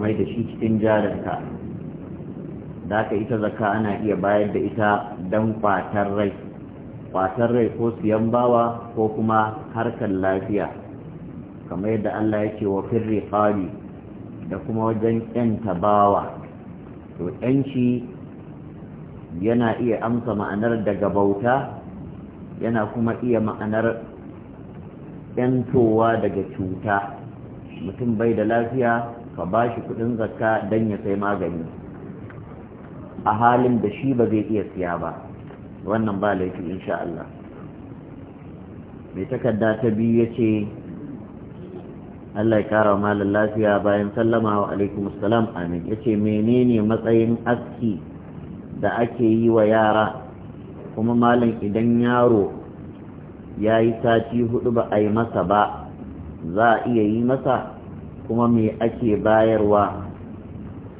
mai da shi cikin jarinka da aka ita zaka ana iya bayar da ita don kwatar rai kwatar rai ko siyan bawa ko kuma harkar lafiya kamar yadda Allah yake wa firri hali da kuma wajen yanta bawa to yanci yana iya amsa ma'anar daga bauta yana kuma iya ma'anar yantowa daga cuta mutum bai da lafiya ka ba shi kudin zakka don ya sai magani a halin da shi ba zai iya siya ba wannan ba laifi insha Allah mai takarda ta biyu ya ce Allah ya kara malin lafiya bayan sallama wa alaikum salam amin ya ce menene matsayin aski da ake yi wa yara kuma malin idan yaro ya yi sati hudu ba a yi masa ba za a iya yi masa kuma me ake bayarwa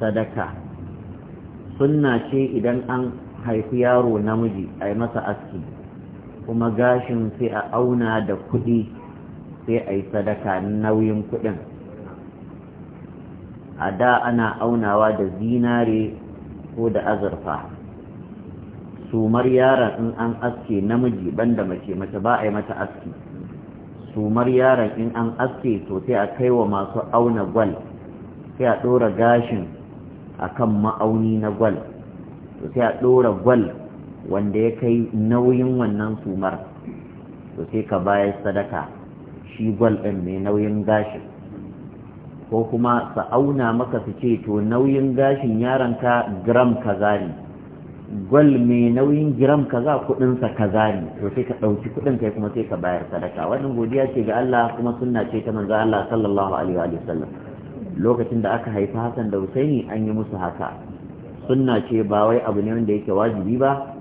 sadaka sunna ce idan an haifi yaro namiji a yi masa aski kuma gashin sai a auna da kuɗi sai a yi sadaka nauyin kuɗin a da ana aunawa da zinare ko da azurfa sumar yaron in an aske namiji banda mace mace ba a yi mata aski sumar yaron in an aske to sai a kai wa masu auna gwal sai a ɗora gashin a kan ma'auni na gwal to sai a ɗora gwal wanda ya kai nauyin wannan sumar to sai ka bayar sadaka shi gwal ɗin mai nauyin gashin ko kuma sa auna maka su ce to nauyin gashin yaronka gram kaza ne gwal mai nauyin giram kaza kuɗinsa ka ne to sai ka ɗauki kudin kai kuma sai ka bayar sadaka wannan godiya ce ga Allah kuma sunna ce ta manzo Allah sallallahu alaihi wa sallam lokacin da aka haifi Hassan da Husaini an yi musu haka sunna ce ba wai abu ne wanda yake wajibi ba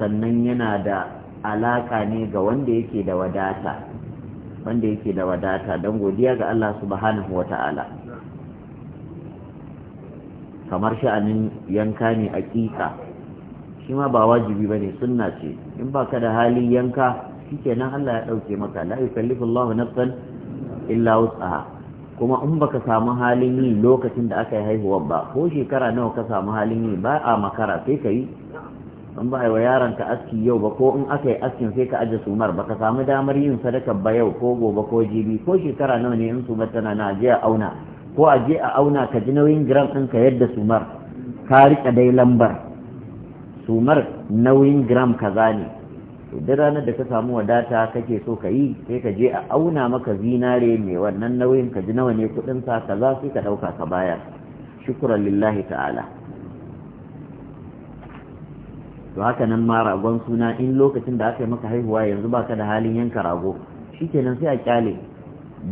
sannan yana da alaka ne ga wanda yake da wadata wanda yake da wadata don godiya ga Allah subhanahu wa ta'ala kamar sha'anin yanka ne aƙiƙa shi ma ba wajibi bane sunna ce in baka da hali yanka shikenan Allah ya dauke maka la yukallifu Allah nafsan illa wus'aha kuma in baka samu halin yi lokacin da aka yi haihuwar ba ko shekara nawa ka samu halin yi ba a makara sai ka yi in ba wa yaron ka aski yau ba ko in aka yi askin sai ka aje sumar ba ka samu damar yin sadaka ba yau ko gobe ko jibi ko shekara nawa ne in sumar tana na je a auna ko aje a auna ka ji nauyin giran ɗinka yadda sumar ka rika dai lambar sumar nauyin gram kaza ne to duk ranar da ka samu wadata kake so ka yi sai ka je a auna maka zinare mai wannan nauyin ka ji nawa ne kudin sa kaza sai ka dauka ka bayar shukran lillahi ta'ala to haka nan ma ragon suna in lokacin da aka yi maka haihuwa yanzu baka da halin yanka rago shikenan sai a kyale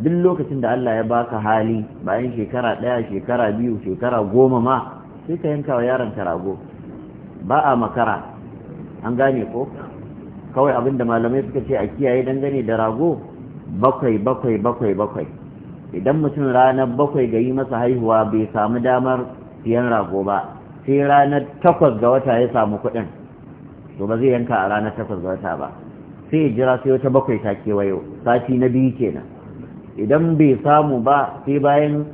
duk lokacin da Allah ya baka hali bayan shekara ɗaya shekara biyu shekara goma ma sai ka yanka wa yaron ka rago ba a makara an gane ko kawai abinda malamai suka ce a kiyaye dangane da rago bakwai bakwai bakwai bakwai idan mutum ranar bakwai ga yi masa haihuwa bai samu damar siyan rago ba sai ranar takwas ga wata ya samu kuɗin to ba zai yanka a ranar takwas ga wata ba sai jira sai wata bakwai ta kewayo sati na biyu kenan idan bai samu ba sai bayan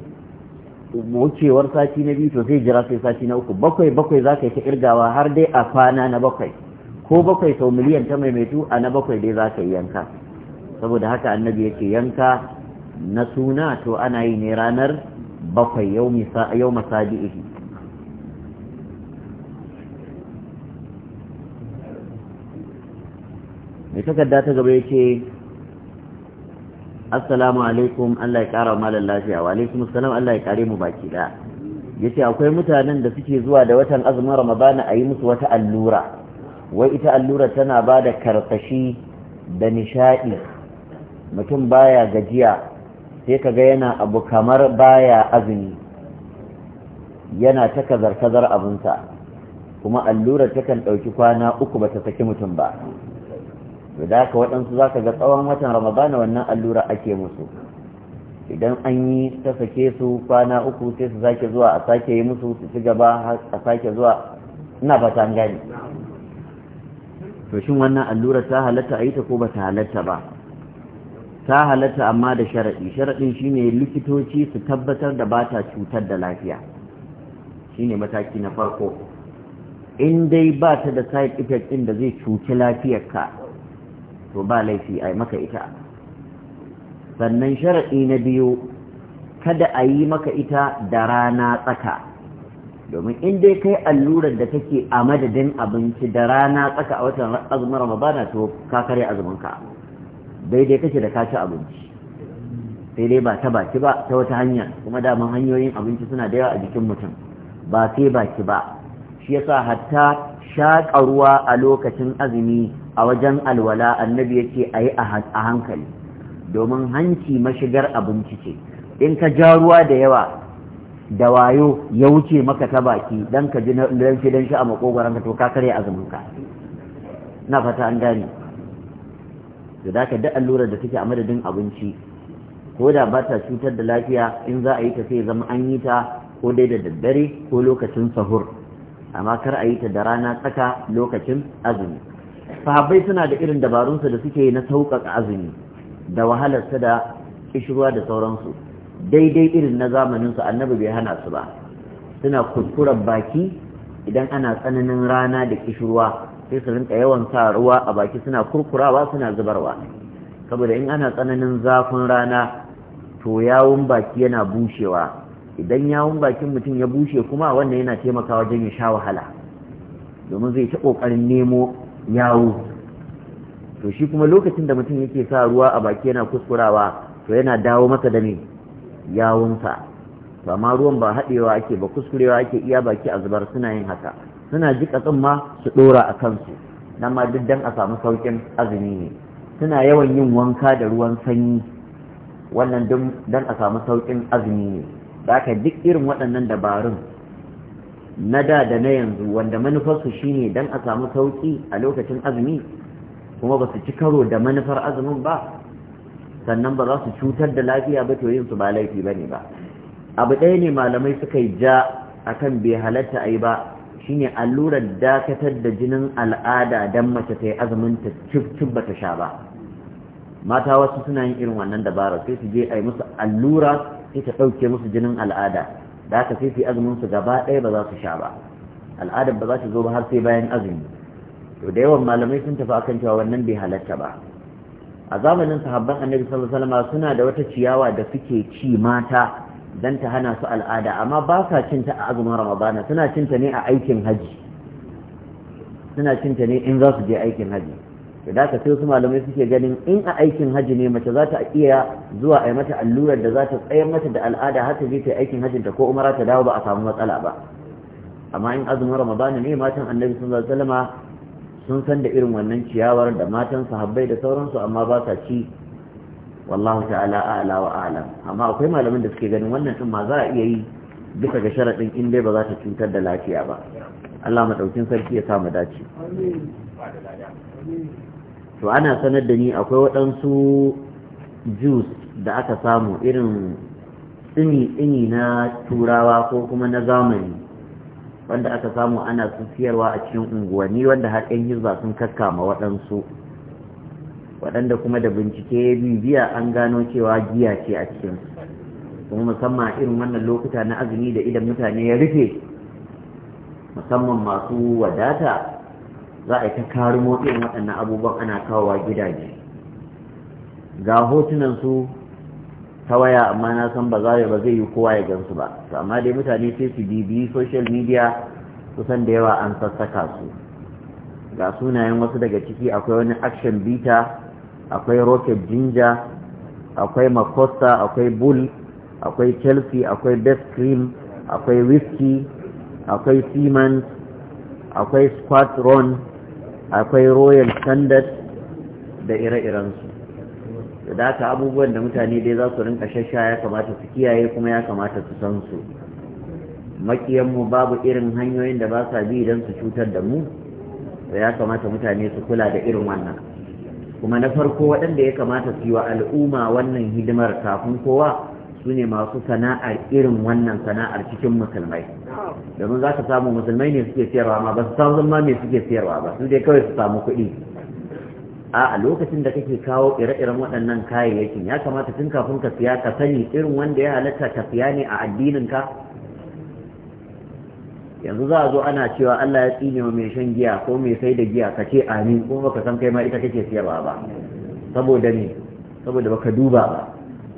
wucewar sati na biyu to zai jira sai sati na uku bakwai bakwai za ka yi ta kirgawa har dai a kwana na bakwai ko bakwai sau miliyan ta maimaitu a na bakwai dai za ka yi yanka saboda haka annabi yake yanka na suna to ana yi ne ranar bakwai yau masabi'ihi mai takarda ta gaba yake assalamu alaikum Allah ya kara malan lafiya wa alaikum assalam Allah ya kare mu baki da yace akwai mutanen da suke zuwa da watan azumin ramadana a yi musu wata allura wai ita allura tana ba da karkashi da nishaɗi? mutum baya gajiya sai kaga yana abu kamar baya azumi yana ta kazar-kazar abinsa kuma allurar takan ɗauki kwana uku ba ta saki mutum ba da ka waɗansu za ka ga tsawon watan ramadana wannan allura ake musu idan an yi ta sake su kwana uku sai su sake zuwa a sake yi musu su ci gaba a sake zuwa ina ba ta gani to shin wannan allura ta halatta a yi ta ko ba ta halatta ba ta halatta amma da sharaɗi sharaɗin shine likitoci su tabbatar da ba ta cutar da lafiya shine mataki na farko in dai ba ta da side effect ɗin da zai cuci lafiyarka to ba laifi a maka ita sannan sharaɗi na biyu kada a yi maka ita da rana tsaka domin in dai kai allurar da take a madadin abinci da rana tsaka a watan azumin ramadana to ka karya azuminka daidai kake da ka ci abinci sai dai ba ta baki ba ta wata hanya kuma daman hanyoyin abinci suna da yawa a jikin mutum ba sai baki ba shi yasa hatta shaƙa ruwa a lokacin azumi a wajen alwala annabi yake ce a yi a hankali domin hanci mashigar abinci ce in ka ja ruwa da yawa da wayo ya wuce maka ta baki don ka ji don shi dan shi a makogoron ka to ka karya azumin ka na fata an gane da ka da allurar da take a madadin abinci ko da ba ta cutar da lafiya in za a yi ta sai zama an yi ta ko dai da daddare ko lokacin sahur amma kar a yi ta da rana tsaka lokacin azumi sahabbai suna da irin dabarunsu da suke na sauƙaƙa azumi da wahalarsa da kishirwa da sauransu daidai irin na zamaninsu annabi bai hana su ba suna kuskuren baki idan ana tsananin rana da kishirwa sai su rinka yawan sa ruwa a baki suna kurkurawa suna zubarwa saboda in ana tsananin zafin rana to yawun baki yana bushewa idan yawun bakin mutum ya bushe kuma wannan yana taimakawa wajen ya sha wahala domin zai ta ƙoƙarin nemo yawo to shi kuma lokacin da mutum yake sa ruwa a baki yana kuskurawa to yana dawo masa da ne yawunsa Ba ma ruwan ba haɗewa ake ba kuskurewa ake iya baki a zubar suna yin haka suna jiƙa tsumma su ɗora a kansu nan ma duk dan a samu sauƙin azumi ne suna yawan yin wanka da ruwan sanyi wannan dan a samu sauƙin azumi ne da duk irin waɗannan dabarun na da da na yanzu wanda manufarsu shine dan a samu sauƙi a lokacin azumi kuma ba su ci karo da manufar azumin ba sannan ba za su cutar da lafiya ba to yin su ba laifi bane ba abu ɗaya ne malamai suka yi ja akan bai halatta a yi ba shine allurar dakatar da jinin al'ada dan mace ta yi azumin ta cif ba ta sha ba mata wasu suna yin irin wannan dabara sai su je a yi musu allura sai ta ɗauke musu jinin al'ada da aka sai azumin su gaba ɗaya ba za su sha ba al'adar ba za ta zo ba har sai bayan azumi to da yawan malamai sun tafi akan cewa wannan bai halatta ba a zamanin sahabban annabi sallallahu alaihi wasallam suna da wata ciyawa da suke ci mata dan ta hana su al'ada amma ba sa cin ta a azumin ramadana suna cin ta ne a aikin haji suna cin ta ne in za su je aikin haji da ka sai wasu malamai suke ganin in a aikin hajji ne mace za ta iya zuwa a yi mata allurar da za ta tsayar mata da al'ada har ta je ta aikin hajjin ta ko umara ta dawo ba a samu matsala ba amma in azumin ramadana ne matan annabi sun alaihi salama sun san da irin wannan ciyawar da matan sahabbai da sauransu amma ba sa ci wallahu ta'ala a'la wa a'lam amma akwai malamin da suke ganin wannan din ma za a iya yi bisa ga sharaɗin in dai ba za ta cutar da lafiya ba Allah madaukin sarki ya sa mu dace amin to ana sanar da ni akwai waɗansu jus da aka samu irin tsini-tsini na turawa ko kuma na zamani wanda aka samu ana siyarwa a cikin unguwanni wanda har 'yan hizba sun kakkama waɗansu waɗanda kuma da bincike bibiya an gano cewa giya ce a cikin kuma musamman irin wannan lokuta na azumi da idan mutane ya rufe musamman masu wadata za a yi ta motsi, irin waɗannan abubuwan ana kawowa gidaje ga hotunan su ta waya amma na san ba za ba zai yi kowa ya gansu ba amma dai mutane sai su bibiyi social media kusan da yawa an sassaka su ga sunayen wasu daga ciki akwai wani action bita akwai rocket ginger akwai makosta akwai bull akwai chelsea akwai best cream akwai whiskey akwai siemens akwai squadron akwai royal standard da ire-irensu da ta abubuwan da mutane dai za su rinka shasha ya kamata su kiyaye kuma ya kamata su san su makiyanmu babu irin hanyoyin da ba sa bi don su cutar da mu da ya kamata mutane su kula da irin wannan kuma na farko waɗanda ya kamata su yi wa al'umma wannan hidimar kafin kowa su ne masu sana'ar irin wannan sana'ar cikin musulmai domin za ka samu musulmai ne suke siyarwa ma ba su samu zama mai suke siyarwa ba sun dai kawai su samu kuɗi a lokacin da kake kawo ire-iren waɗannan kayayyakin ya kamata tun kafin ka siya ka sani irin wanda ya halatta ka siya ne a addinin ka yanzu za a zo ana cewa Allah ya tsine wa mai shan giya ko mai sai da giya ka ce amin kuma baka san kai ma ita kake siyarwa ba saboda ne saboda baka duba ba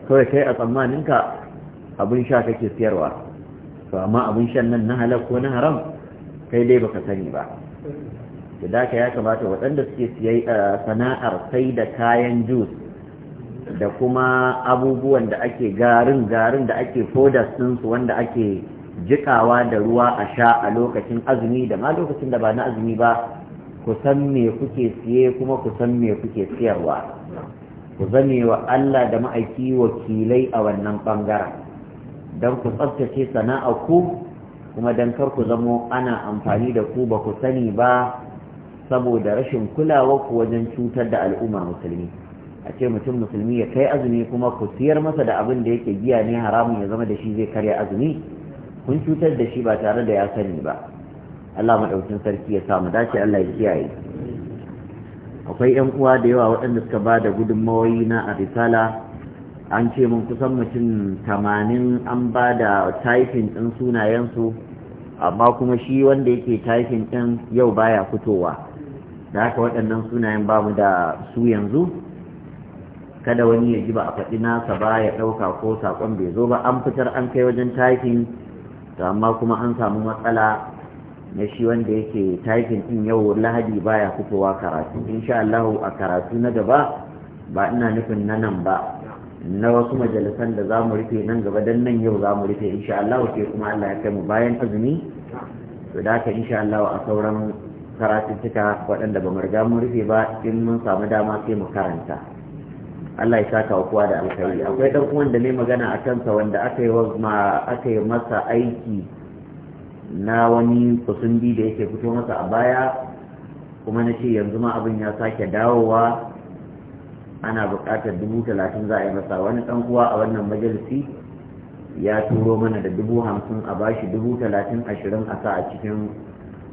kawai kai a tsammanin ka abin sha kake siyarwa to amma abin shan nan na halal ko na haram kai dai baka sani ba da haka ya kamata waɗanda suke siyayi sana'ar sai da kayan jus da kuma abubuwan da ake garin garin da ake fodas su wanda ake jikawa da ruwa a sha a lokacin azumi da ma lokacin da ba na azumi ba ku san me kuke siye kuma ku san me kuke siyarwa ku zame wa Allah da ma'aiki wakilai a wannan bangaren don ku tsabtace sana'a ku kuma don kar ku zamo ana amfani da ku ba ku sani ba saboda rashin kulawa ku wajen cutar da al'ummar musulmi a ce mutum musulmi ya kai azumi kuma ku siyar masa da abin da yake giya ne haramun ya zama da shi zai karya azumi kun cutar da shi ba tare da ya sani ba Allah maɗaukin sarki ya samu dace Allah ya kiyaye akwai yan uwa da yawa waɗanda suka ba da gudunmawoyi na a risala an ce mun kusan mutum tamanin an ba da taifin ɗin sunayensu amma kuma shi wanda yake taifin ɗin yau baya fitowa da haka waɗannan sunayen ba da su yanzu kada wani ya ji ba a faɗi nasa ba ya ɗauka ko saƙon bai zo ba an fitar an kai wajen taifin to amma kuma an samu matsala na shi wanda yake taifin ɗin yau lahadi baya fitowa karatu insha Allah a karatu na gaba ba ina nufin na nan ba na wasu majalisan da za mu rufe nan gaba dan nan yau za mu rufe insha Allah kuma Allah ya kai mu bayan azumi to da haka insha Allah a sauran cika waɗanda ba mu riga mun rufe ba in mun samu dama sai mu karanta Allah ya saka wa kowa da alkhairi akwai dan uwan da mai magana a kansa wanda aka yi ma aka yi masa aiki na wani kusundi da yake fito masa a baya kuma na ce yanzu ma abin ya sake dawowa ana buƙatar dubu talatin za a yi masa wani ɗan uwa a wannan majalisi ya turo mana da dubu hamsin a bashi dubu talatin ashirin a sa a cikin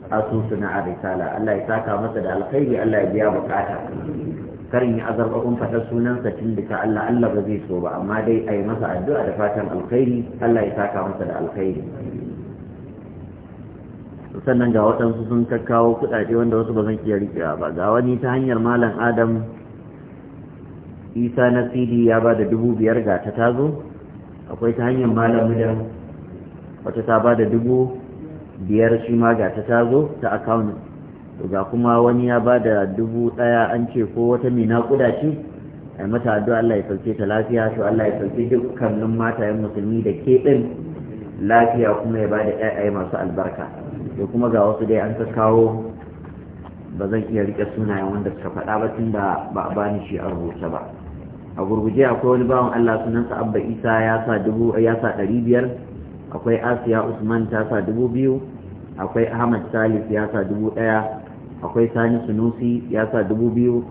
asusu na arisala Allah ya saka masa da alkhairi Allah ya biya buƙata karin ya kun fatar sunansa tun ta Allah Allah ba zai so ba amma dai a yi masa addu'a da fatan alkhairi Allah ya saka masa da alkhairi sannan ga waɗansu sun kakkawo kuɗaɗe wanda wasu ba zan iya riƙewa ba ga wani ta hanyar malam adam isa na cd ya ba da dubu biyar ga ta tazo akwai ta hanyar malamu da wata ta ba da dubu biyar shi ma ga ta tazo ta account ga kuma wani ya ba da dubu daya an ce ko wata mai naƙuda ce a mata addu'a Allah ya sauke ta lafiya su Allah ya sauke dukkanin matayen musulmi da ke din lafiya kuma ya ba da ƴaƴaye masu albarka da kuma ga wasu dai an ta kawo ba zan iya riƙe sunayen wanda suka faɗa ba tun da ba a bani shi a rubuce ba a gurguje akwai wani bawan Allah sunansa abba isa ya sa dubu ya sa ɗari biyar akwai asiya usman ta sa dubu biyu akwai ahmad salif ya sa dubu ɗaya akwai sani sunusi ya sa dubu biyu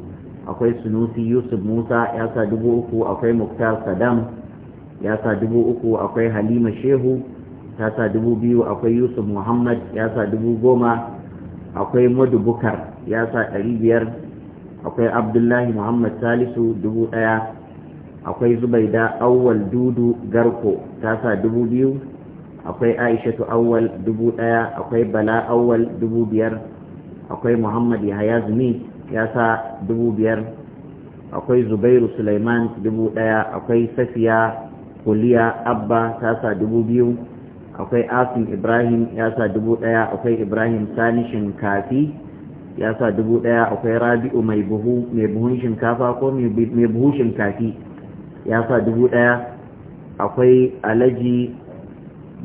akwai sunusi yusuf musa ya sa dubu uku akwai muktar saddam ya sa dubu uku akwai halima shehu ta sa dubu biyu akwai yusuf muhammad ya sa dubu goma akwai madu bukar ya sa ɗari biyar akwai abdullahi muhammad salisu dubu ɗaya akwai zubaida awwal dudu garko tasa dubu biyu akwai aishatu awwal dubu ɗaya akwai bala awwal dubu biyar akwai muhammad yahaya zumi ya dubu biyar akwai zubairu suleiman dubu ɗaya akwai safiya kuliya abba tasa dubu biyu akwai asim ibrahim yasa dubu ɗaya akwai ibrahim sani shinkafi ya sa dubu ɗaya akwai rabi'u mai buhun shinkafa ko mai buhun shinkafi ya sa dubu ɗaya akwai alaji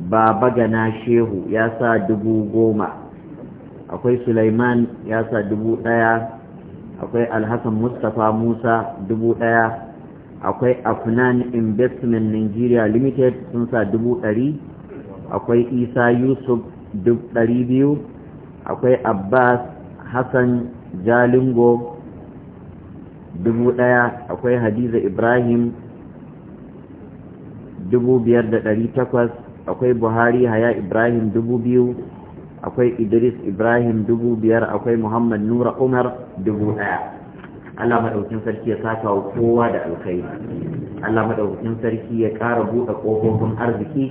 baba gana shehu ya sa dubu goma akwai sulaiman ya sa dubu ɗaya akwai alhassan mustapha musa dubu ɗaya akwai afnan investment nigeria limited sun sa dubu ɗari akwai isa yusuf dubu ɗari biyu akwai abbas hassan jalingo dubu daya akwai hadiza ibrahim dubu biyar da dari takwas akwai buhari haya ibrahim dubu biyu akwai idris ibrahim dubu biyar akwai muhammad nura umar dubu daya allah maɗaukin sarki ya saka wa kowa da alkhairi allah maɗaukin sarki ya ƙara buɗe ƙofofin arziki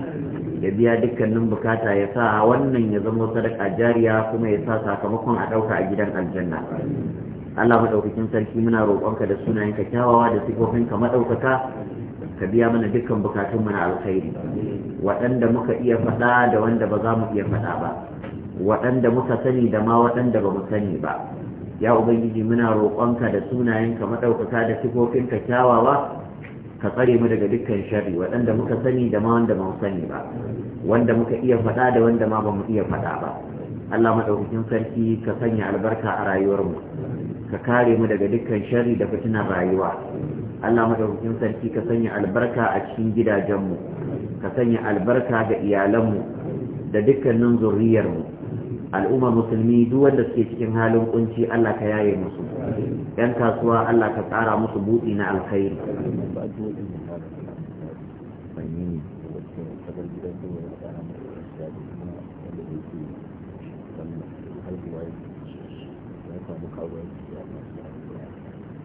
ya biya dukkanin bukata ya sa wannan ya zama sadaka jariya kuma ya sa sakamakon a ɗauka a gidan aljanna Allah madaukakin sarki muna roƙonka da sunayenka kyawawa da sifofinka madaukaka ka biya mana dukkan bukatun mana na alkhairi waɗanda muka iya faɗa da wanda ba za mu iya faɗa ba waɗanda muka sani da ma waɗanda ba mu sani ba ya ubangiji muna roƙonka da sunayenka madaukaka da sifofinka kyawawa ka tsare mu daga dukkan sharri waɗanda muka sani da ma wanda ba mu sani ba wanda muka iya faɗa da wanda ma ba mu iya faɗa ba Allah madaukakin sarki ka sanya albarka a rayuwarmu ka kare mu daga dukkan sharri da fitinar rayuwa Allah madaukakin sarki ka sanya albarka a cikin gidajenmu ka sanya albarka ga iyalanmu da dukkanin mu al'ummar musulmi duk wanda suke cikin halin kunci Allah ka yaye musu yan kasuwa Allah ka tsara musu buɗi na alkhairi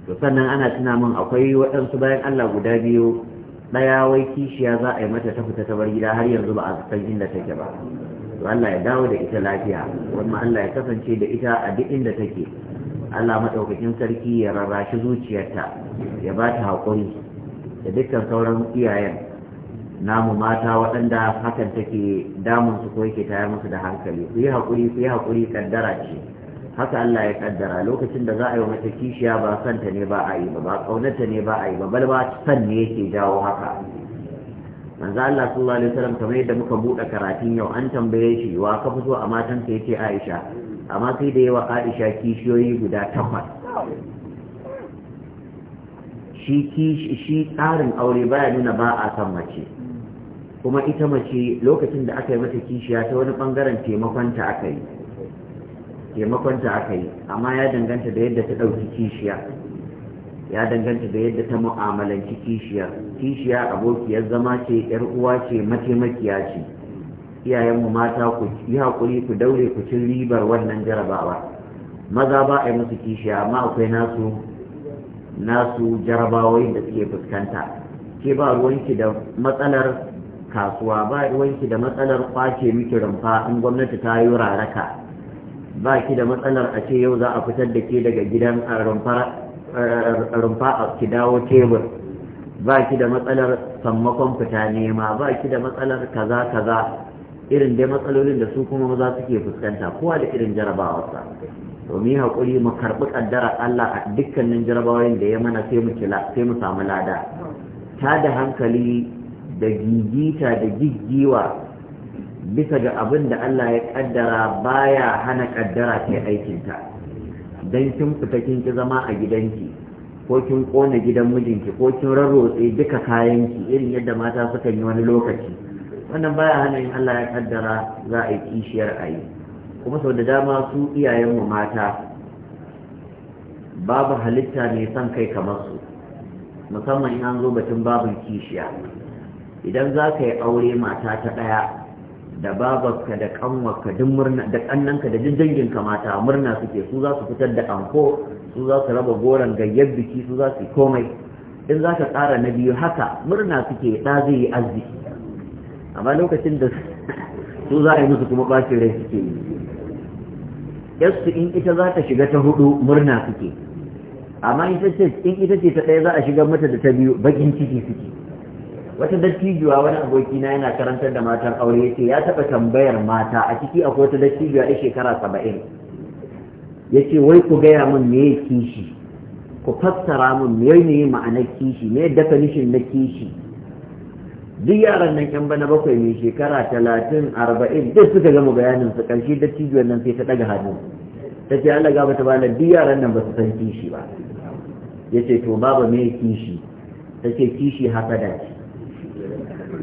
to sannan ana tuna min akwai waɗansu bayan Allah guda biyu ɗaya wai kishiya za a yi mata ta fita ta bar gida har yanzu ba a san inda take ba to Allah ya dawo da ita lafiya kuma Allah ya kasance da ita a duk inda take Allah maɗaukakin sarki ya rarrashi zuciyarta ya ba ta haƙuri da dukkan sauran iyayen namu mata waɗanda hakan take damunsu ko yake tayar musu da hankali ku yi haƙuri ku yi haƙuri kaddara ce haka Allah ya kaddara lokacin da za a yi mata kishiya ba santa ne ba a yi ba ba kaunarta ne ba a yi ba bal ba san ne yake jawo haka manzo Allah sallallahu alaihi wasallam kamar yadda muka buɗe karatun yau an tambaye shi wa ka fito a matan ka yace Aisha amma sai da yawa Aisha kishiyoyi guda takwas shi shi tsarin aure baya nuna ba a san mace kuma ita mace lokacin da aka yi mata kishiya ta wani bangaren ta aka yi taimakon ta aka yi amma ya danganta da yadda ta ɗauki kishiya ya danganta da yadda ta mu'amalanci kishiya kishiya abokiyar zama ce yar uwa ce mataimakiya ce iyayenmu mata ku yi haƙuri ku daure ku cin ribar wannan jarabawa maza ba a yi musu kishiya amma akwai nasu nasu jarabawai da suke fuskanta ke ba ruwanki da matsalar kasuwa ba ruwanki da matsalar kwace miki rumfa in gwamnati ta yi raraka ba ki da matsalar a ce yau za a fitar da ke daga gidan rumfa a ki dawo tebur ba ki da matsalar sammakon fita nema ba ki da matsalar kaza kaza irin dai matsalolin da su kuma maza suke fuskanta kowa da irin jarabawarsa to mu haƙuri mu karɓi ƙaddara Allah a dukkanin jarabawoyin da ya mana sai mu mu samu lada ta da hankali da gigita da giggiwa bisa ga abin da Allah ya kaddara baya hana kaddara ta aikinta dan kin fita kin ki zama a gidanki ko kin kona gidan mijinki ko kin rarrotse duka kayanki irin yadda mata suka yi wani lokaci wannan baya hana in Allah ya kaddara za a yi kishiyar a yi kuma sau da dama su iyayenmu mata babu halitta mai son kai kamar su musamman in an zo batun babu kishiya idan za ka yi aure mata ta ɗaya da babarka da kanwarka duk murna da kannanka da duk danginka mata murna suke su za su fitar da anko su za su raba goran gayyar biki su za su komai in za ka tsara na biyu haka murna suke da zai yi arziki amma lokacin da su za a yi musu kuma ɓacin rai suke yi yasu in ita za ta shiga ta hudu murna suke amma ita ce in ita ce ta ɗaya za a shiga mata da ta biyu bakin ciki suke wata dattijuwa wani aboki na yana karantar da matan aure yace ya taba tambayar mata a ciki akwai wata dattijuwa da shekara saba'in yace wai ku gaya min me kishi ku fassara min me ne ma'anar kishi me definition na kishi duk yaran nan yan bana bakwai mai shekara talatin arba'in duk suka gama bayanin su ƙarshe dattijuwar nan sai ta daga hannu ta ce Allah gaba ta bana duk yaran nan ba su san kishi ba ya ce to babu me kishi ta ce kishi da shi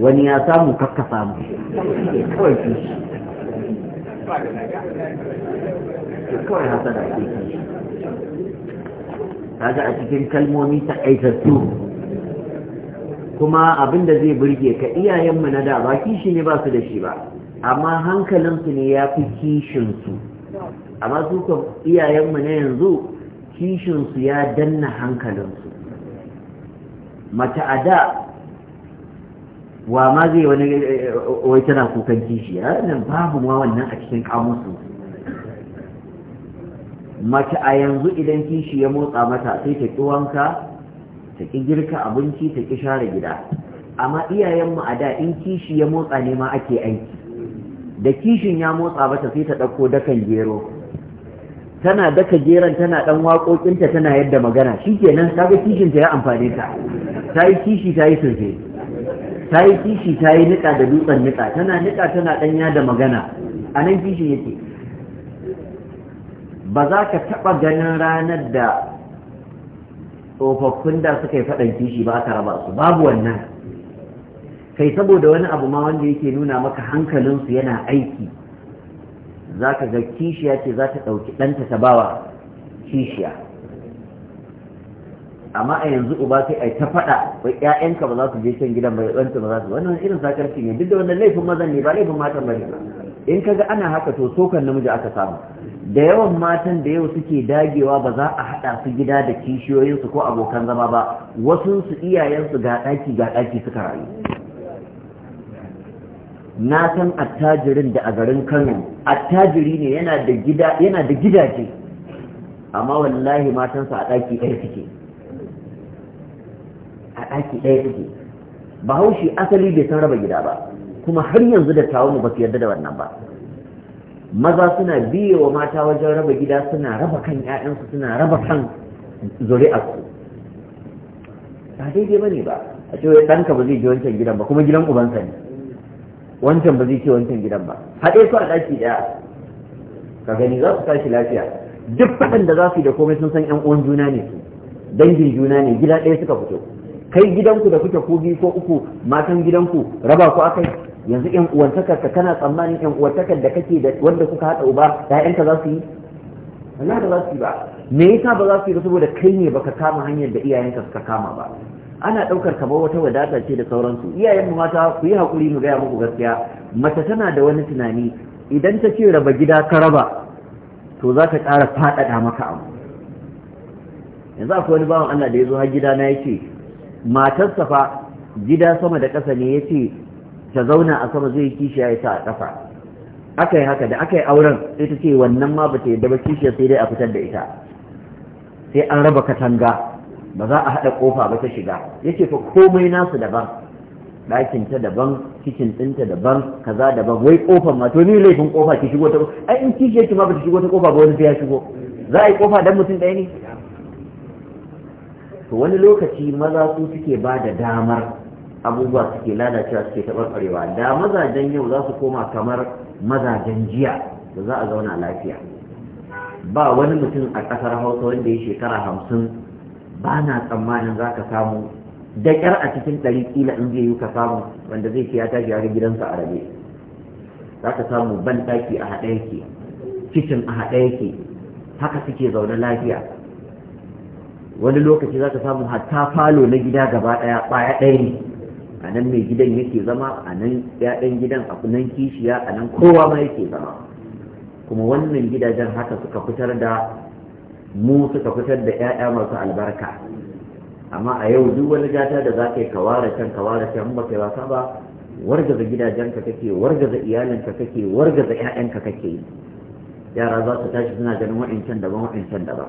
wani ya samu kakka samu kawai kawai kaga a cikin kalmomi ta aitattu kuma abin zai burge ka iyayenmu na da ba kishi ne ba su da shi ba amma hankalinsu ne ya fi kishinsu amma su ka iyayenmu na yanzu kishinsu ya danna hankalinsu mace a da wa ma zai wani eh, wai tana kukan kishi ranar babu ma wannan a cikin kamusu mace a yanzu idan kishi ya motsa mata sai ta ki wanka ta ki girka abinci ta ki share gida amma iyayenmu a da in kishi ya motsa ne ma ake aiki da kishin ya motsa mata sai ta ɗauko dakan gero tana daka geron tana ɗan waƙoƙinta tana yadda magana shi kenan kishin kishinta ya amfane ta ta yi kishi ta yi sirfe ta yi kishi ta yi niƙa da dutsen niƙa tana niƙa tana ɗanya da magana a nan kishi yake ba za ka taɓa ganin ranar da tsofaffin da suka yi faɗan kishi ba aka raba su babu wannan kai saboda wani abu ma wanda yake nuna maka hankalinsu yana aiki za ka ga kishiya ce za ta ɗauki ɗanta ta bawa kishiya amma a yanzu uba sai a ta faɗa wai ƴaƴanka ba za su je can gidan ba ɗanta ba za su wannan irin sakarci ne duk da wannan laifin mazan ne ba laifin matan ba ne in kaga ana haka to tokan namiji aka samu da yawan matan da yau suke dagewa ba za a haɗa su gida da kishiyoyinsu ko abokan zama ba wasu su iyayensu ga ɗaki ga ɗaki suka rayu na san attajirin da a garin kano attajiri ne yana da gidaje amma wallahi matansa a ɗaki ɗaya suke ɗaki ɗaya suke bahaushe asali bai san raba gida ba kuma har yanzu da tawo mu ba su yarda da wannan ba maza suna biye wa mata wajen raba gida suna raba kan 'ya'yansu suna raba kan zuri'arsu ba daidai ba ne ba a ce ɗanka ba zai je wancan gidan ba kuma gidan ubansa ne wancan ba zai ce wancan gidan ba haɗe su a ɗaki ɗaya ka gani za su tashi lafiya duk faɗin da za su yi da komai sun san 'yan uwan juna ne su dangin juna ne gida ɗaya suka fito kai gidanku da kuke ko biyu ko uku matan gidanku raba ku akai yanzu yan uwantakar ka kana tsammanin yan uwantakar da kake da wanda kuka hada uba ƴaƴanka za su yi Allah da za su yi ba me yasa ba za su yi ba saboda kai ne baka kama hanyar da iyayenka suka kama ba ana ɗaukar kamar wata wadata ce da sauransu iyayen mu mata ku yi hakuri mu gaya muku gaskiya mace tana da wani tunani idan ta ce raba gida ka raba to za ta ƙara faɗaɗa maka abu yanzu akwai wani bawan Allah da ya zo har gida na ya matarsa fa gida sama da ƙasa ne ya ce ta zauna a sama zai kishiya ya sa a ƙasa aka yi haka da aka yi auren sai ta ce wannan ma ba ta yadda ba kishiya sai dai a fitar da ita sai an raba katanga ba za a haɗa ƙofa ba ta shiga ya ce fa komai nasu daban ɗakinta daban kicin ɗinta daban kaza daban wai ƙofar ma to ni laifin ƙofa ki shigo ta ai in kishiyar ki ma ba ta shigo ta ƙofa ba wani sai ya shigo za a yi ƙofa dan mutum ɗaya ne to wani lokaci maza su suke ba da damar abubuwa suke lalacewa suke taɓarɓarewa da mazajen yau za su koma kamar mazajen jiya da za a zauna lafiya ba wani mutum a ƙasar hausa wanda ya shekara hamsin ba na tsammanin za ka samu da ƙyar a cikin ɗari ƙila in zai yi ka samu wanda zai ce ya tashi ya gidansa a rabe za ka samu ban a haɗa yake kicin a haɗa yake haka suke zaune lafiya wani lokaci za ka samu hatta falo na gida gaba ɗaya baya ɗaya ne a nan mai gidan yake zama a nan yaɗan gidan a nan kishiya a nan kowa ma yake zama kuma wannan gidajen haka suka fitar da mu suka fitar da 'ya'ya masu albarka amma a yau duk wani gata da za ka yi kawara can kawara can ba kai wasa ba wargaza gidajenka kake wargaza iyalinka kake wargaza 'ya'yanka kake yara za su tashi suna ganin wa'incan daban wa'incan daban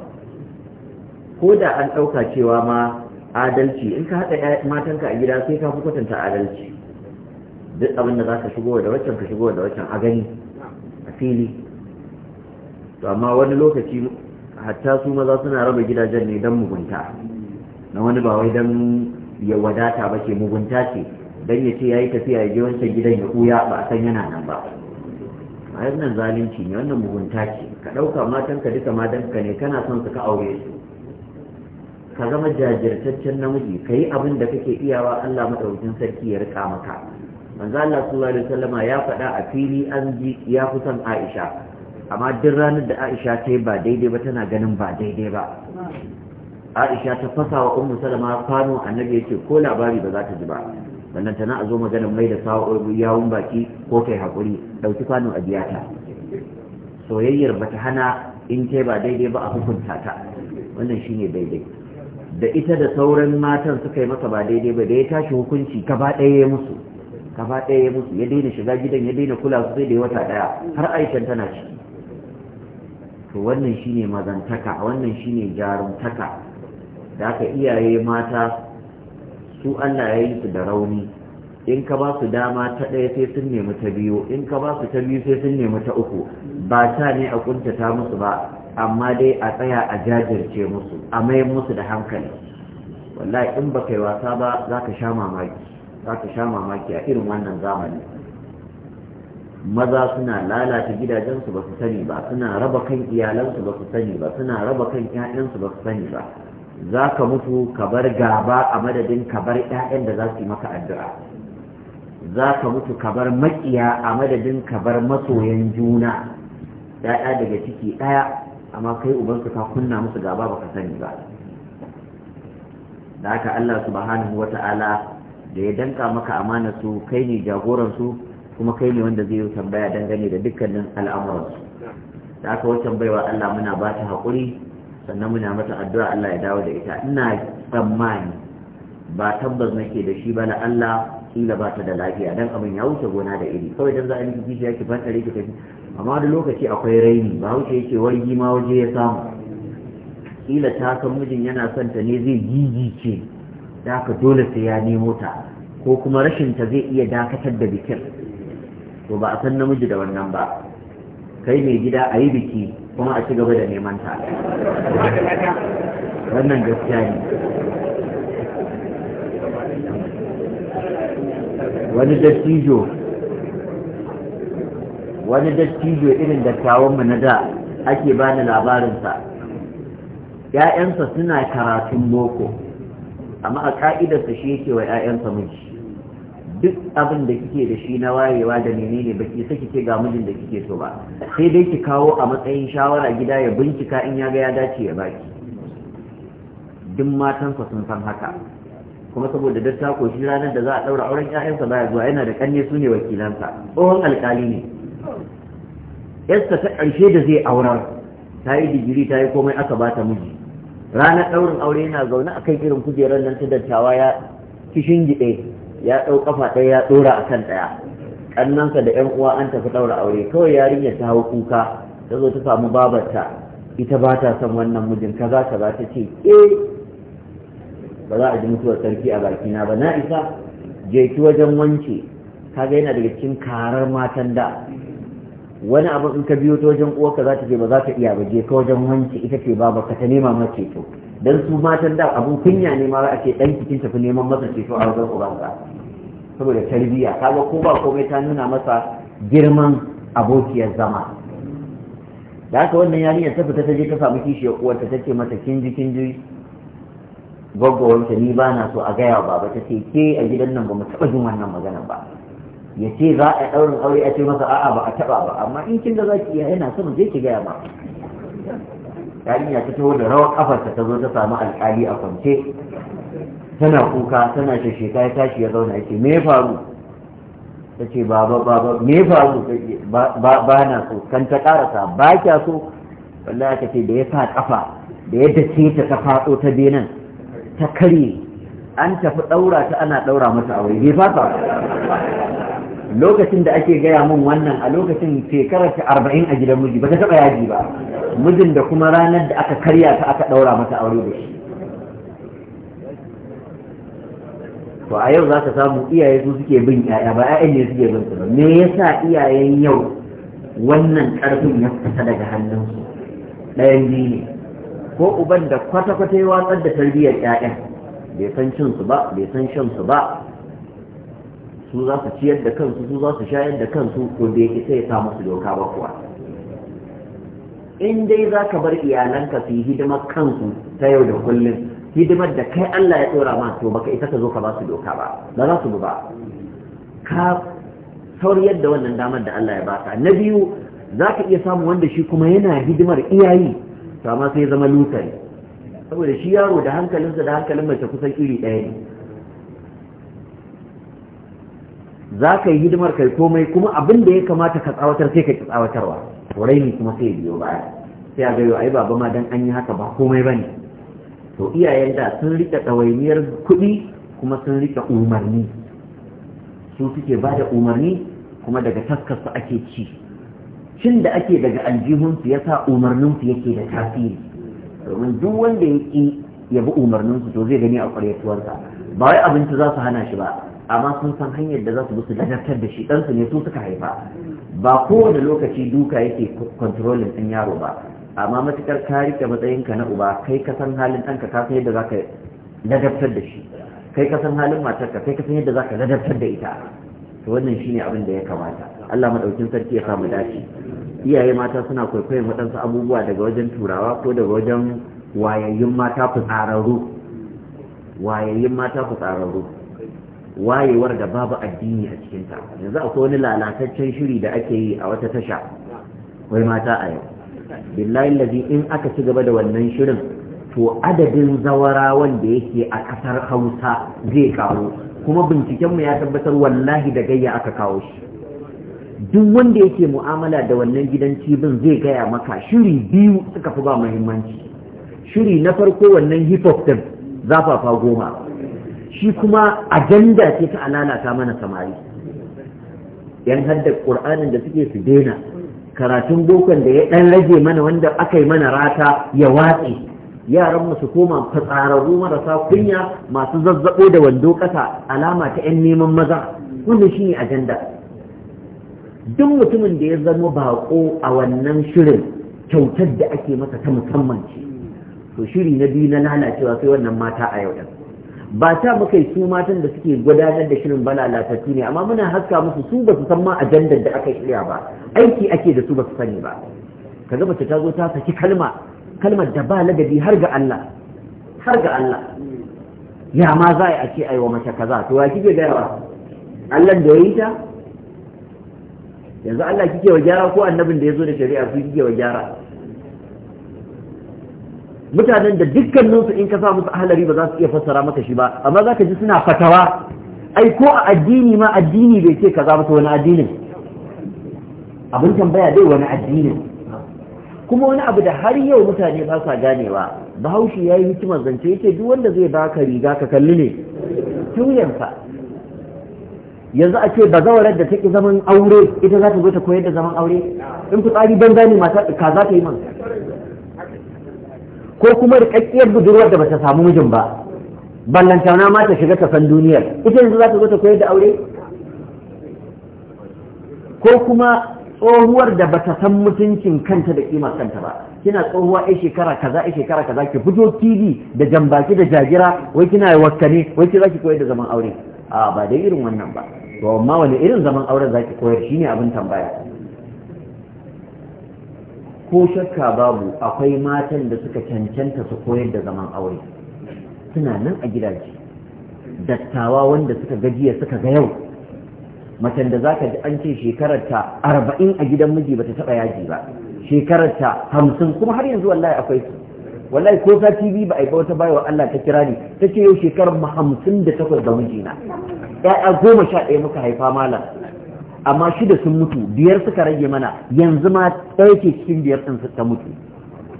ko da an ɗauka cewa ma adalci in ka haɗa matanka a gida sai ka fi kwatanta adalci duk abin da za ka shigo da waccan ka shigo da waccan a gani a fili to amma wani lokaci hatta su maza suna raba gidajen ne don mugunta na wani ba wai don ya wadata ba ke mugunta ce don ya ce ya yi tafiya ya je wancan gidan ya ɓuya ba a san yana nan ba a nan zalunci ne wannan mugunta ce ka ɗauka matanka duka matanka ne kana son su ka aure su ka zama jajirtaccen namiji ka yi abin da kake iyawa Allah maɗaukin sarki ya rika maka manzo Allah sallallahu alaihi wasallama ya faɗa a fili an ji ya fi son Aisha amma duk ranar da Aisha ta yi ba daidai ba tana ganin ba daidai ba Aisha ta fasa wa Ummu Salama kwano annabi yake ko labari ba za ta ji ba wannan tana a zo magana mai da sa'o'i yawun baki ko kai hakuri Ɗauki kwano a biya ta soyayyar bata hana in ce ba daidai ba a hukunta ta wannan shine daidai da ita da sauran matan suka yi masa ba daidai ba da ya tashi hukunci gaba ɗaya ya musu gaba ɗaya ya musu ya daina shiga gidan ya daina kula su sai da wata ɗaya har aishan tana ci to wannan shine mazantaka wannan shine jaruntaka da aka iyaye mata su Allah ya yi su da rauni in ka ba su dama ta ɗaya sai sun nemi ta biyu in ka ba su ta biyu sai sun nemi ta uku ba ta ne a kuntata musu ba amma dai a tsaya a jajirce musu a mai musu da hankali wallahi in ba kai wasa ba za ka sha mamaki za ka sha mamaki a irin wannan zamani maza suna lalata gidajensu ba su sani ba suna raba kan iyalansu ba su sani ba suna raba kan 'ya'yansu ba su sani ba za ka mutu ka bar gaba a madadin ka bar 'ya'yan da za su yi maka addu'a za ka mutu ka bar maƙiya a madadin ka bar masoyan juna 'ya'ya daga ciki ɗaya amma kai ubanka ka kunna musu gaba baka sani ba da haka Allah subhanahu wata'ala da ya danka maka amana su kai ne jagoran su kuma kai ne wanda zai yi tambaya dangane da dukkanin al'amuran su da haka wancan baiwa Allah muna ba ta haƙuri sannan muna mata addu'a Allah ya dawo da ita ina tsammani ba tabbas nake da shi ba la Allah kila ba ta da lafiya dan abin ya wuce gona da iri kawai dan za a yi kiji ya ki fata ki tafi amma da lokaci akwai raini ba wuce yake wargi ma waje ya samu kila ta san mijin yana son ta ne zai gigice da aka dole sai ya nemo ta ko kuma rashin ta zai iya dakatar da bikin to ba a san namiji da wannan ba kai mai gida a yi biki kuma a ci gaba da neman ta wannan gaskiya ne wani dattijo wani dattijo irin dattawanmu na da ake ba da labarinsa ‘ya'yansa suna karatun boko amma a ka'idarsa shi yake wa ‘ya'yansa miji duk abin da kike da shi na wayewa da menene baki saki kike ga mijin da kike so ba sai dai ki kawo a matsayin shawara gida ya bincika in ya ga ya dace ya baki duk matansa sun san haka kuma saboda dattako shi ranar da za a daura auren ‘ya'yansa ya zuwa yana da kanne su ne wakilansa tsohon alƙali ne yasta ta ƙarshe da zai aurar ta yi digiri ta yi komai aka ba ta miji ranar ɗaurin aure yana zaune a kan irin kujerar nan ta dattawa ya kishin gide ya ɗau ƙafa ɗaya ya ɗora a kan ɗaya ƙannansa da ƴan uwa an tafi ɗaura aure kawai yarinyar ta hau kuka ta zo ta samu babarta ita ba ta son wannan mijin kaza za ta ce eh ba za a ji mutuwar sarki a bakina ba na isa je ki wajen wanke kaga yana daga cikin karar matan da wani abu in ka biyo ta wajen uwarka za ta ce ba za ta iya ba je ka wajen wanci ita ce ba ba ka ta nema ma ceto dan su matan da abun kunya ne ma a ce dan cikin tafi neman masa ceto a wajen ka. saboda tarbiyya kaga ko ba komai ta nuna masa girman abokiyar zama da haka wannan yarinya ta fita ta je ta samu kishiyar uwarta ta ce mata kin ji kin ji ni ba na so a gaya wa baba ta ce ke a gidan nan ba mu taɓa jin wannan magana ba ya ce za a ɗaurin aure a ce masa a'a ba a taɓa ba amma in kin da za ki iya yana sama zai ki gaya ba yarinya ta taho da rawar kafarta ta zo ta samu alƙali a kwance tana kuka tana shashe ta tashi ya zauna ya ce me faru ta ce baba baba me faru ba na so kan ta ƙarasa ba kya so wallahi ta ce da ya sa ƙafa, da ya dace ta ta faɗo ta benin ta karye an tafi ɗaura ta ana ɗaura mata aure bai fasa lokacin da ake gaya mun wannan a lokacin shekarar ta arba'in a gidan miji ba ta taɓa yaji ba mijin da kuma ranar da aka karya ta aka ɗaura mata aure da shi to a yau za ka samu iyaye su suke bin yaya ba 'ya'ya ne suke bin su ba me yasa iyayen yau wannan ƙarfin ya fita daga hannunsu ɗayan biyu ne ko uban da kwata-kwata ya watsar da tarbiyyar 'ya'yan bai san cin su ba bai san shan su ba su za su ciyar da kansu su za su shayar da kansu ko da yake sai ya sa musu doka ba kuwa in dai za ka bar iyalanka su yi hidimar kansu ta yau da kullum hidimar da kai Allah ya tsora ma to baka isa ka zo ka ba su doka ba ba za su bi ba ka sauriyar da wannan damar da Allah ya baka na biyu za ka iya samu wanda shi kuma yana hidimar iyayi to amma sai zama lutari saboda shi yaro da hankalinsa da hankalin mace kusan iri ɗaya ne za ka yi hidimar kai komai kuma abin da ya kamata ka tsawatar sai ka ki tsawatarwa raini kuma sai biyo baya sai a gayo ai baba ma dan an yi haka ba komai bane to iyayen da sun rike ɗawainiyar kuɗi kuma sun rike umarni su suke ba da umarni kuma daga taskarsu ake ci cin da ake daga aljihunsu ya sa umarninsu yake da tasiri domin duk wanda ya ki ya bi umarninsu to zai gani a ƙwaryatuwarsa ba wai abinci za su hana shi ba amma sun san hanyar da za su bi su lagartar da shi ɗansu ne su suka haifa ba kowane lokaci duka yake kontrolin ɗin yaro ba amma matukar ka rike matsayinka na uba kai ka san halin ɗanka ka san yadda za ka ladabtar da shi kai ka san halin matarka kai ka san yadda za ka ladabtar da ita to wannan shine abin da ya kamata Allah madaukin sarki ya samu dace iyaye mata suna kwaikwayon waɗansu abubuwa daga wajen turawa ko daga wajen wayayyun mata fitsararru wayayyun mata fitsararru wayewar da babu addini a cikinta yanzu akwai wani lalataccen shiri da ake yi a wata tasha wai mata a yau billahi lazi in aka ci gaba da wannan shirin to adadin zawara wanda yake a kasar hausa zai kawo kuma bincikenmu ya tabbatar wallahi da gayya aka kawo shi duk wanda yake mu'amala da wannan gidan cibin zai gaya maka shiri biyu suka fi ba muhimmanci shiri na farko wannan hip hop din zafafa goma shi kuma ajanda ce ta lalata mana samari yan hadda ƙur'anin da suke su daina karatun bokon da ya ɗan rage mana wanda aka yi mana rata ya watse yaran mu su koma fatsararru marasa kunya masu zazzaɓo da wando ƙasa alama ta 'yan neman maza wannan shine ajanda duk mutumin da ya zama baƙo a wannan shirin kyautar da ake masa ta musamman ce to shiri na biyu na lalacewa sai wannan mata a yau ɗin ba ta muka yi su matan da suke gudanar da shirin bana lalatattu ne amma muna haska musu su ba su san ma ajandar da aka shirya ba aiki ake da su ba su sani ba ga mace ta zo ta saki kalma kalmar da ba ladabi har ga Allah har ga Allah ya ma za a ce aiwa mace kaza to ya kike ga yawa Allah da yayi ta yanzu Allah kike wa gyara ko annabin da yazo da shari'a su kike wa gyara mutanen da dukkaninsu in ka sa musu ahalari ba za su iya fassara maka shi ba amma za ka ji suna fatawa ai ko a addini ma addini bai ce kaza ba wani addinin abin tambaya dai wani addinin kuma wani abu da har yau mutane ba sa ganewa bahaushe ya yi hikimar zance yake duk wanda zai baka riga ka kalli ne tuyansa yanzu a ce bazawarar da take zaman aure ita za ta zo ta koyar da zaman aure in fitsari banza gane mata kaza ta yi man ko kuma rikakkiyar budurwar da bata samu mijin ba ballantana ma ta shiga ta duniyar ita yanzu za ta zo ta koyar da aure ko kuma tsohuwar da bata san mutuncin kanta da kimar kanta ba kina tsohuwa ai shekara kaza ai shekara kaza ki fito TV da jambaki da jagira wai kina wakkane wai ki zaki koyar da zaman aure A'a ba dai irin wannan ba to amma wani irin zaman auren zaki koyar shi ne abin tambaya ko shakka babu akwai matan da suka cancanta su koyar da zaman aure suna nan a gidaje dattawa wanda suka gajiya suka ga yau macen da za ka ji an ce shekarar ta arba'in a gidan miji ba ta taɓa yaji ba shekarar ta hamsin kuma har yanzu wallahi akwai su wallahi ko ta tv ba a yi wata wa Allah ta kira ni ta ce yau shekarar mu hamsin da takwas da mijina ya'ya goma sha ɗaya muka haifa malam amma shida sun mutu biyar suka rage mana yanzu ma ɗaya ke cikin biyar ɗin ta mutu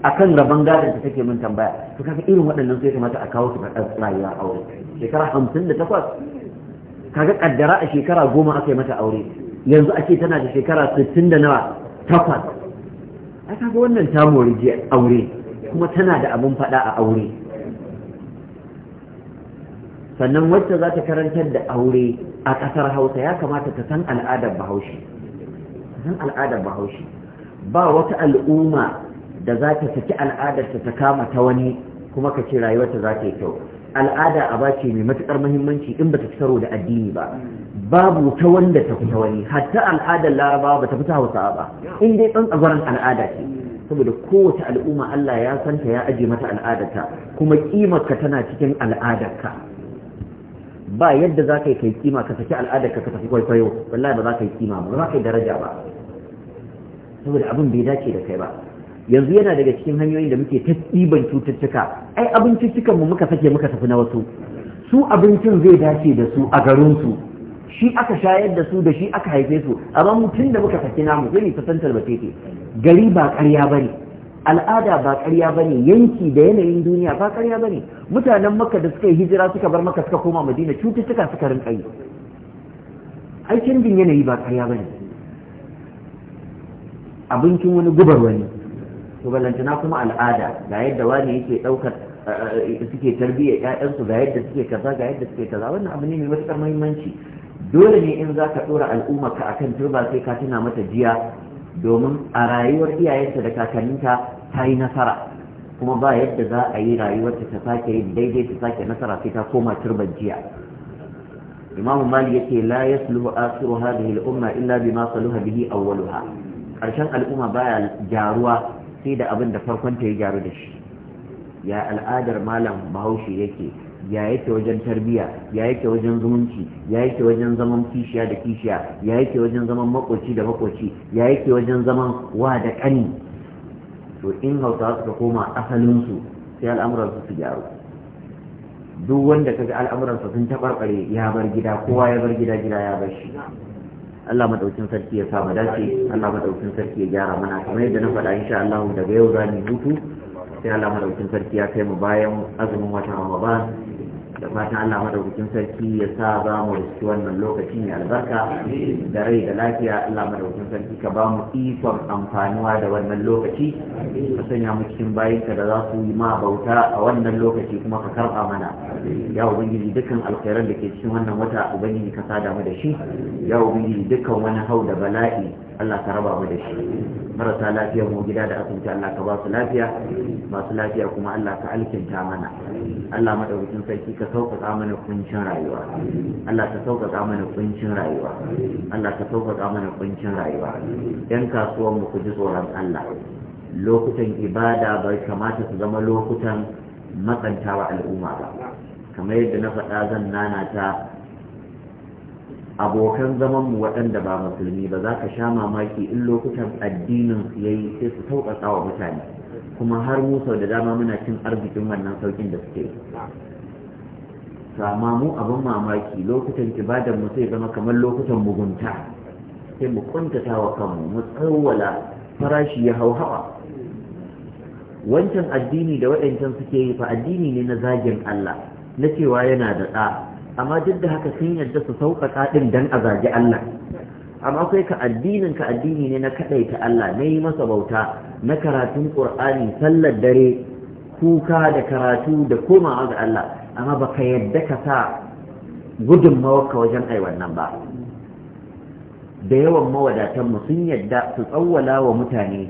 akan rabon gadon ta take min tambaya to kaga irin waɗannan sai kamata a kawo su ɗan rayuwa aure shekara hamsin da takwas kaga kaddara a shekara goma aka yi mata aure yanzu ake tana da shekara sittin da nawa takwas a kaga wannan ta mori aure kuma tana da abin faɗa a aure sannan wacce za ta karantar da aure a ƙasar hausa ya kamata ta san al'adar bahaushe san al'adar bahaushe ba wata al'umma da za ta saki al'adarta ta kama ta wani kuma ka ce rayuwarta za ta yi kyau al'ada a bace mai matuƙar muhimmanci in ba ta ci karo da addini ba babu ta wanda ta fita wani hatta al'adar larabawa ba ta fi ta hausawa ba in dai gwaran al'ada ce saboda kowace al'umma Allah ya santa ya aje mata al'adarta kuma ka tana cikin al'adarka ba yadda za ka yi kai kima ka saki al'adar ka ka tafi kwaikwayo wallahi ba za ka yi kima ba za ka yi daraja ba saboda abin bai dace da kai ba yanzu yana daga cikin hanyoyin da muke ta ɗiban cututtuka ai cututtukan mu muka sake muka tafi na wasu su abincin zai dace da su a garin su shi aka shayar da su da shi aka haife su amma mutum da muka saki namu zai ta santar ba gari ba ƙarya bane al'ada ba ƙarya ba ne yanki da yanayin duniya ba ƙarya ba ne mutanen maka da suka yi hijira suka bar maka suka koma madina cututtuka suka rinka yi ai canjin yanayi ba ƙarya ba ne abincin wani gubar wani to balantana kuma al'ada ga yadda wani yake ɗaukar eh, eh, suke tarbiyyar ƴaƴansu ga yadda suke kaza ga yadda suke kaza wannan abu ne mai matuƙar muhimmanci dole ne in za ka ɗora al'umma ka akan turba sai ka tuna mata jiya domin a rayuwar iyayenta da kakanninta ta yi nasara kuma ba yadda za a yi rayuwarta ta sake yin daidai ta sake nasara sai ta koma turban jiya imam mali yake la yasluhu asiru hadhihi al-umma illa bima saluha bihi awwaluha karshen al'umma baya gyaruwa sai da abin da farkon ta ya gyaru da shi ya al'adar malam bahaushe yake ya yake wajen tarbiya ya yake wajen zumunci ya yake wajen zaman kishiya da kishiya ya yake wajen zaman makoci da makoci ya yake wajen zaman wa da kani to in hausawa suka koma asalinsu sai al'amuransu su gyaru duk wanda kaga al'amuransa sun taɓarɓare ya bar gida kowa ya bar gida gida ya bar shi Allah madaukin sarki ya sa dace Allah madaukin sarki ya gyara mana kamar yadda na faɗa insha Allah daga yau za mu hutu sai Allah madaukin sarki ya kai mu bayan azumin watan Ramadan da fatan Allah madaukakin sarki ya sa za mu riski wannan lokaci mai albarka da rai da lafiya Allah madaukakin sarki ka ba mu ikon amfanuwa da wannan lokaci ka sanya mu cikin bayinka da za su yi ma bauta a wannan lokaci kuma ka karba mana ya ubangiji dukkan alkhairan da ke cikin wannan wata ubangiji ka sada mu da shi ya ubangiji dukkan wani hau da bala'i Allah ka raba mu da shi marasa lafiya mu gida da asibiti Allah ka ba su lafiya masu lafiya kuma Allah ka alkinta mana Allah madaukakin sarki ka sauƙaƙa mana kuncin rayuwa Allah ka sauƙaƙa mana kuncin rayuwa Allah ka sauƙaƙa mana kuncin rayuwa yan kasuwan mu ku ji tsoron Allah lokutan ibada bai kamata su zama lokutan matsantawa al'umma ba kamar yadda na faɗa zan nanata abokan zaman mu waɗanda ba musulmi ba za ka sha mamaki in lokutan addinin su yi sai su sauƙaƙa wa mutane kuma har mu sau da dama muna cin arzikin wannan sauƙin da suke amma mu abin mamaki lokutan ibadar mu sai zama kamar lokutan mugunta sai mu kuntata wa kanmu mu tsawwala farashi ya hau hawa wancan addini da waɗancan suke yi fa addini ne na zagin Allah na cewa yana da ɗa amma duk da haka sun yarda su sauƙaƙa ɗin dan a zagi Allah amma kai ka addinin ka addini ne na ta Allah na yi masa bauta na karatun ƙur'ani sallar dare kuka da karatu da komawa ga Allah amma baka yarda ka sa ka wajen ai wannan ba da yawan mu sun yadda su tsawwala wa mutane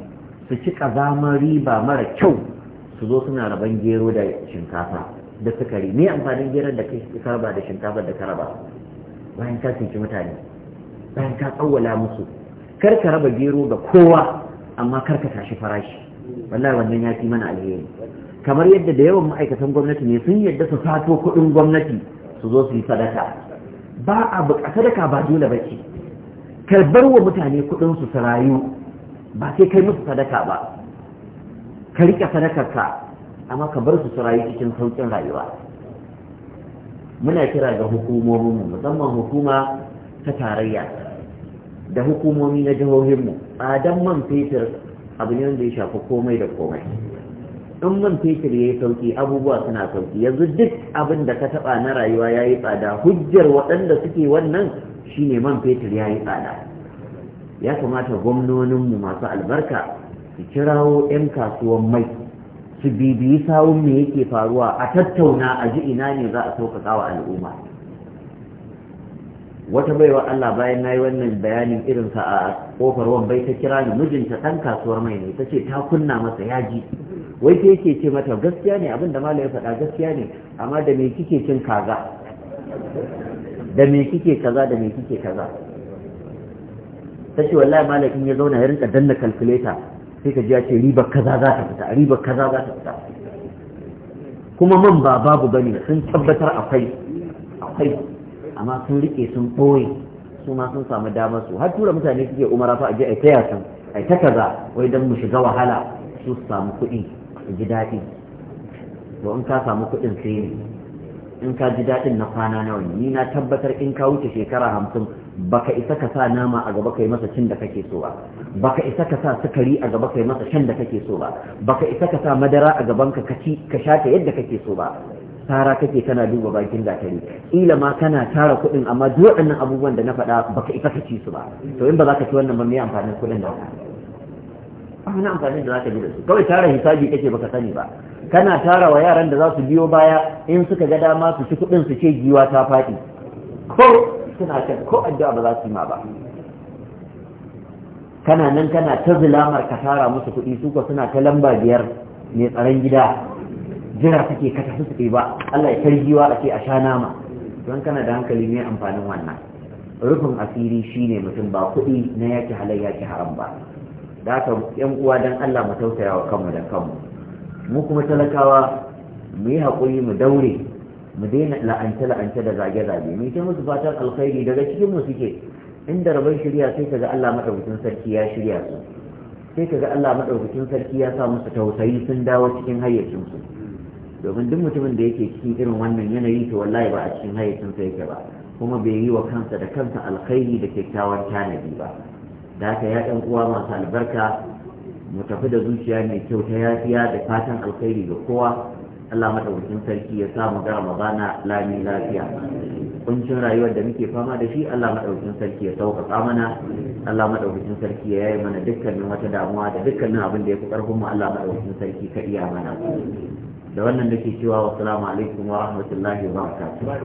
su ci ƙazamar riba mara kyau su zo suna rabon gero da shinkafa da sukari me amfanin geran da kai saba da shinkafar da ka raba bayan ka cinci mutane bayan ka tsawwala musu kar ka raba gero ga kowa amma kar ka tashi farashi wallahi wannan ya fi mana alheri kamar yadda da yawan ma'aikatan gwamnati ne sun yadda su sato kuɗin gwamnati su zo su yi sadaka ba a buƙa sadaka ba dole ba ce karbar wa mutane kuɗin su rayu ba sai kai musu sadaka ba ka riƙe sadakarka amma ka bar su su rayu cikin sauƙin rayuwa muna kira ga hukumominmu musamman hukuma ta tarayya da hukumomi na jihohinmu tsadan man fetur abu ne wanda ya shafi komai da komai in man fetur ya yi sauki abubuwa suna sauki yanzu duk abin da ka taba na rayuwa ya yi tsada hujjar waɗanda suke wannan shine man fetur ya yi tsada ya kamata gwamnoninmu masu albarka su kirawo 'yan kasuwan mai su bibiyi sawun me yake faruwa a tattauna a ji ina ne za a saukaka wa al'umma wata baiwa Allah bayan na yi wannan bayanin irin irinsa a ƙofar wambai ta kira ni mijinta ɗan kasuwar mai ne ta ta kunna masa yaji wai ta yake ce mata gaskiya ne abin da ya faɗa gaskiya ne amma da me kike cin kaza da me kike kaza da me kike kaza ta wallahi malam ya zauna ya rinka danna kalkuleta sai ka ji ce riba kaza za ta fita riba kaza za ta fita kuma man ba babu bane sun tabbatar akwai akwai amma sun rike sun ɓoye su ma sun samu damar su har tura mutane suke umara fa a je a taya su a ta kaza wai dan mu shiga wahala su samu kuɗi su ji daɗi to in ka samu kuɗin sai ne in ka ji daɗin na kwana nawa ne ni na tabbatar in ka wuce shekara hamsin baka isa ka sa nama a gaba kai masa cin da kake so ba baka isa ka sa sukari a gaba kai masa shan da kake so ba baka isa ka sa madara a gaban ka kaci ka sha ta yadda kake so ba tara kake kana duba bakin gatari ila ma kana tara kuɗin amma duk waɗannan abubuwan da na faɗa baka isa ka ci su ba to in ba za ka ci wannan ba me amfanin kuɗin da ka na amfanin da za ka ji da su kawai tara hisabi kake baka sani ba kana tara wa yaran da za su biyo baya in suka ga dama su ci kuɗin su ce giwa ta faɗi ko suna kan ko addu'a ba za su yi ma ba kana nan kana ta zulamar ka tara musu kuɗi su suna ta lamba biyar mai tsaron gida jira kake ka tafi su ba Allah ya tarjiwa a ce a sha nama don kana da hankali ne amfanin wannan rufin asiri shine mutum ba kuɗi na yaki halai yaki haram ba da haka yan uwa dan Allah mu tausaya wa kanmu da kanmu mu kuma talakawa mu yi haƙuri mu daure mu daina la'ance la'ance da zage zage mai ta musu fatan alkhairi daga cikin mu suke inda rabon shirya sai kaga Allah madaukakin sarki ya shirya su sai kaga Allah madaukakin sarki ya sa musu tausayi sun dawo cikin hayyacin su domin duk mutumin da yake cikin irin wannan yanayi to wallahi ba a cikin hayyacin sa yake ba kuma bai yi wa kansa da kansa alkhairi da kyakkyawar tanadi ba da haka ya ɗan uwa masu albarka mu tafi da zuciya mai kyau ta yafiya da fatan alkhairi ga kowa Allah madaukakin sarki ya samu ga bana lami lafiya kuncin rayuwar da muke fama da shi Allah madaukakin sarki ya sauƙaƙa mana Allah madaukakin sarki ya yi mana dukkanin wata damuwa da dukkanin abin da ya fi ƙarfin mu Allah madaukakin sarki ka iya mana da wannan da ke cewa wassalamu alaikum wa rahmatullahi wa barakatuh